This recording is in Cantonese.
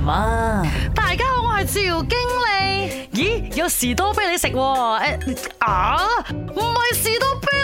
嘛，什麼大家好，我係趙經理。咦，有士多啤梨食誒，啊，唔係士多啤梨。